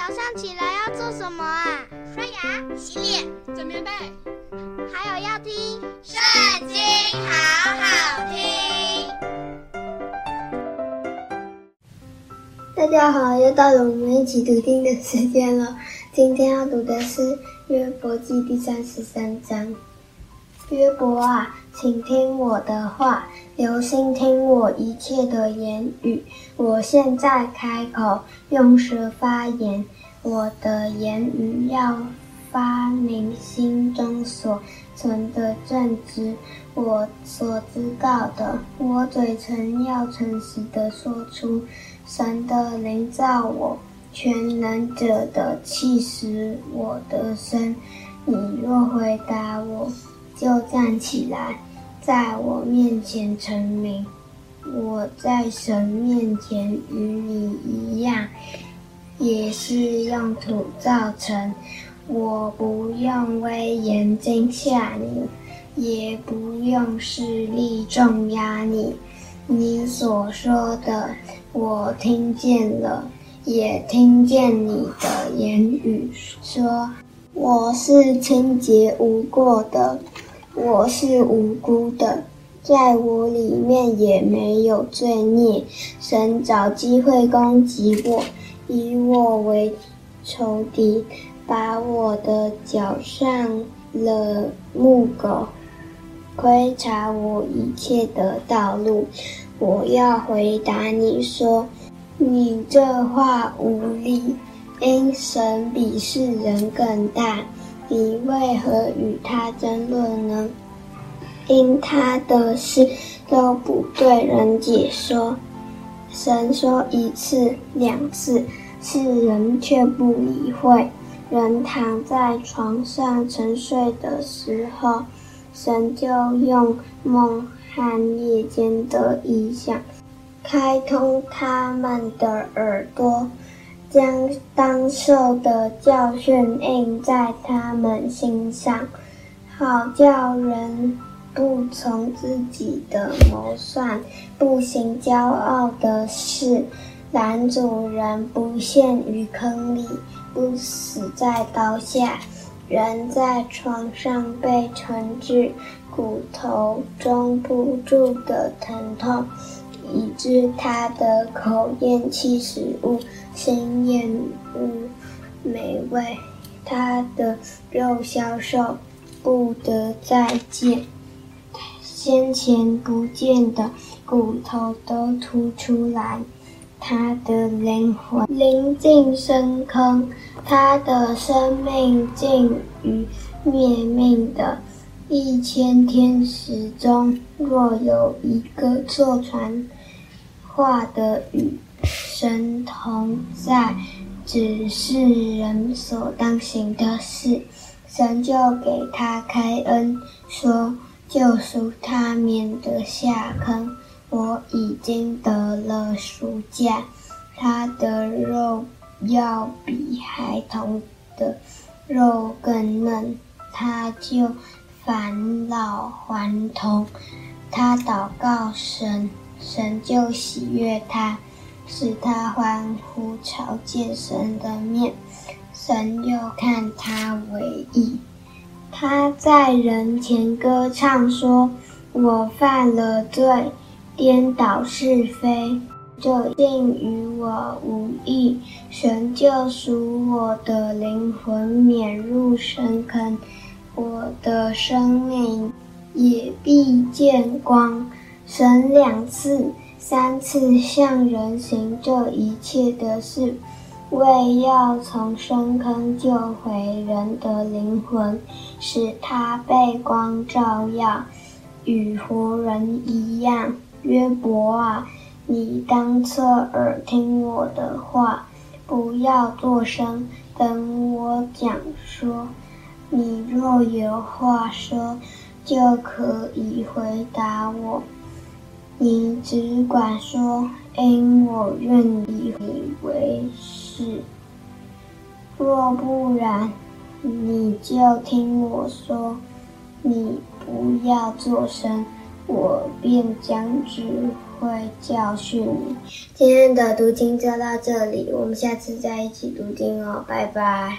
早上起來要做什麼啊？刷牙、洗臉、準備背，還有要聽《聖經》，好好聽。大家好，又到了我們一起讀經的時間了。今天要讀的是《約伯記》第三十三章。約伯啊，請聽我的話，留心聽我一切的言語。我現在開口，用舌發言，我的言語要發明心中所存的正直，我所知道的。我嘴唇要誠實的說出。神的靈造我，全能者的氣使我得生。你若回答我。就站起來，在我面前陳明，我在神面前與你一樣，也是用土造成。我不用威嚴驚嚇你，也不用勢力重壓你。你所說的，我聽見了，也聽見你的言語。說，我是清潔無過的。我是無辜的，在我裡面也沒有罪孽。神找機會攻擊我，以我為仇敵，把我的腳上了木狗，窺察我一切的道路。我要回答你說，你這話無理，因、哎、神比世人更大。你為何與他爭論呢？因他的事都不對人解說，神說一次、兩次，世人卻不理會。人躺在床上沉睡的時候，神就用夢和夜間的異象開通他們的耳朵。將當受的教訓印在他們心上，好叫人不從自己的謀算，不行驕傲的事。攔阻人不陷於坑裡，不死在刀下，人在床上被懲治，骨頭中不住的疼痛。以致他的口厭棄食物，心厭惡美味，他的肉消瘦，不得再見，先前不見的骨頭都凸出來，他的靈魂臨近深坑，他的生命近於滅命的。一千天使中，若有一個作傳。話的與神同在，指示人所當行的事。神就給他開恩，說救贖他，免得下坑。我已經得了贖價，他的肉要比孩童的肉更嫩，他就返老還童。他禱告神。神就喜悅他，使他歡呼，朝見神的面。神又看他為義。他在人前歌唱，說：“我犯了罪，顛倒是非，這竟與我無益，神救贖我的靈魂，免入深坑；我的生命也必見光。”神兩次、三次向人行這一切的事，為要從深坑救回人的靈魂，使他被光照耀，與活人一樣。約伯啊，你當側耳聽我的話，不要作聲，等我講說。你若有話說，就可以回答我。你只管說，因，我願以你為是。若不然，你就聽我說，你不要作聲，我便將智慧教訓你。今天的讀經就到這裡，我們下次再一起讀經哦，拜拜。